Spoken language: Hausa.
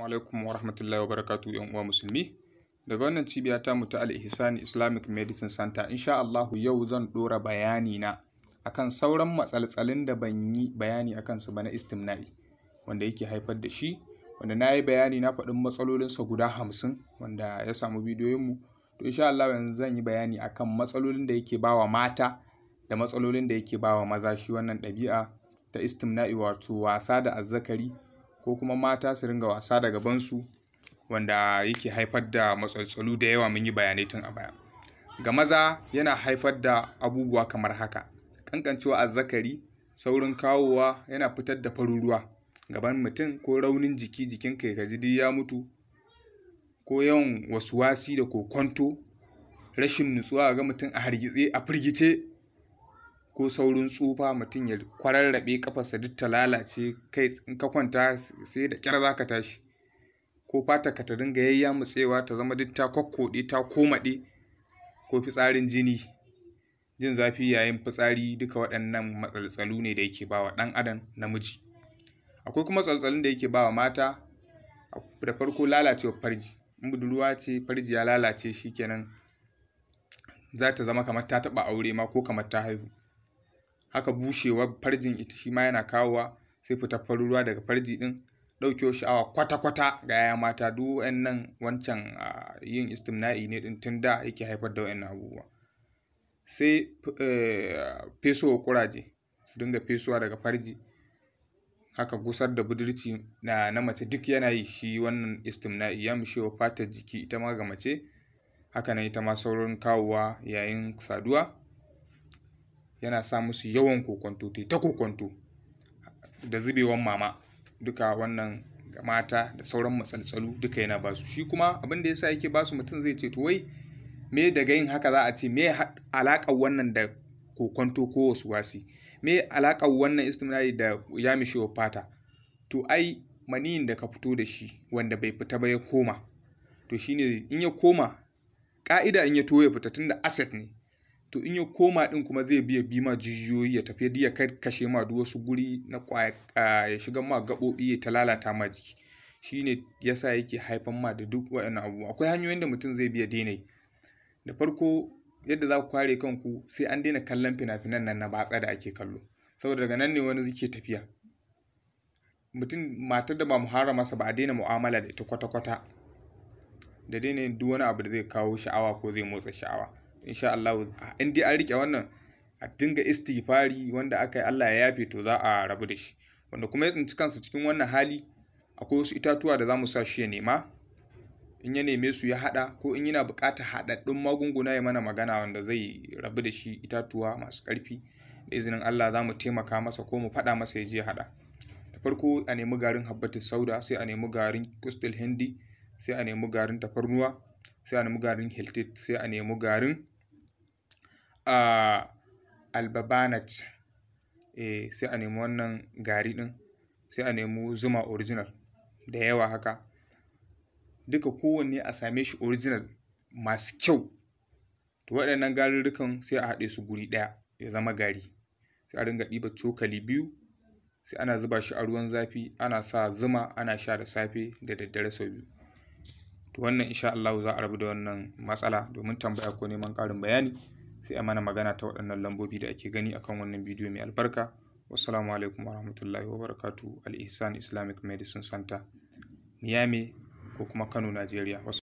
Assalamu alaikum wa rahmatullahi wa barakatu ‘yan uwa musulmi. Daga wannan cibiya ta mu ta Al-Ihsan Islamic Medicine Center, insha Allahu yau zan ɗora bayani na akan sauran matsaltsalin da ban yi bayani akan su ba na istimna'i wanda yake haifar da shi wanda na yi bayani na faɗin matsalolinsa guda hamsin wanda ya samu bidiyoyinmu to insha Allah yanzu zan yi bayani akan matsalolin da yake bawa mata da matsalolin da yake bawa maza shi wannan ɗabi'a ta istimna'i wato wasa da azzakari ko kuma mata su ringa wasa da gabansu wanda yake haifar da matsaltsalu da yawa mun yi bayanai tun a baya ga maza yana haifar da abubuwa kamar haka kankancewa azzakari saurin kawowa yana fitar da faruruwa. gaban mutum ko raunin jiki jikin kai ka ji ya mutu ko yawan wasi da kokonto rashin nutsuwa ga mutum a hargitse a firgice ko saurin tsufa mutum ya kwararrabe kafarsa duk ta lalace kai in ka kwanta sai da kyar za ka tashi ko fata ka ta dinga mutsewa ta zama duk ta kokkoɗe ta komaɗe ko fitsarin jini jin zafi yayin fitsari duka waɗannan matsaltsalu ne da yake bawa ɗan adam namiji akwai kuma tsaltsalin da yake bawa mata da farko lalacewar farji in budurwa ce farji ya lalace shikenan za ta zama kamar ta taɓa aure ma ko kamar ta haihu haka bushewar farjin ita shi ma yana kawowa sai fita farin ruwa daga farji din shi sha'awa kwata-kwata ga yaya mata duk nan wancan yin istimna'i ne din tun da yake haifar da wannan abubuwa sai eh, fesowa kuraje su dinga fesuwa daga farji haka gusar da budurci na, na mace duk yana yi shi wannan istimna'i ya mushewa fatar jiki ita ma ga mace haka nan ita ma saurin kawowa yayin saduwa yana sa musu yawan kokonto ta ta kokonto da zubewan mama duka wannan mata da sauran matsaltsalu duka yana basu shi kuma abin da yasa yake basu mutum zai ce to wai me daga yin haka za a ce me alaƙar wannan da kokonto ko wasu wasi me alaƙar wannan istimali da ya wa fata to ai maniyin da ka fito da shi wanda bai fita ba ya koma to shine in ya koma ƙa'ida in ya to ya fita tunda asset ne to in ya koma din kuma zai biya bi ma jijiyoyi ya tafi ya kashe ma duk wasu guri na kwaya ya shiga ma gaɓoɓi ya ta lalata ma jiki shine yasa yake haifan ma da duk waɗannan abubuwa akwai hanyoyin da mutum zai biya daina da farko yadda za ku kware kanku sai an daina kallon fina-finan nan na batsa da ake kallo saboda daga nan ne wani ke tafiya mutum matar da ba mu hara masa ba a daina mu'amala da ita kwata-kwata da daina duk wani abu da zai kawo sha'awa ko zai motsa sha'awa insha Allah in dai an rike wannan a dinga istighfari wanda aka yi Allah ya yafe to za a rabu da shi wanda kuma ya tsinci kansa cikin wannan hali akwai wasu itatuwa da za mu sa shi ya nema in ya neme su ya haɗa, ko in yana bukatar hadaddun magunguna ya mana magana wanda zai rabu da shi itatuwa masu karfi da izinin Allah za mu taimaka masa ko mu faɗa masa ya je haɗa. da farko a nemi garin habbatus sauda sai a nemi garin kustul hindi sai a nemi garin tafarnuwa sai a nemi garin hiltit sai a nemi garin a albabanat eh sai a nemi wannan gari ɗin sai a nemi zuma original da yawa haka duka kowanne a same shi original masu kyau to waɗannan garurrukan sai a haɗe su guri ɗaya ya zama gari sai a dinga ɗiba cokali biyu sai ana zuba shi a ruwan zafi ana sa zuma ana sha da safe da daddare sau biyu to wannan insha Allah za a rabu da wannan matsala domin tambaya ko neman ƙarin bayani sai a mana magana ta waɗannan lambobi da ake gani akan wannan bidiyo mai albarka wassalamu alaikum warahmatullahi barakatu al-ihsan islamic medicine center niyami ko kuma kano najeriya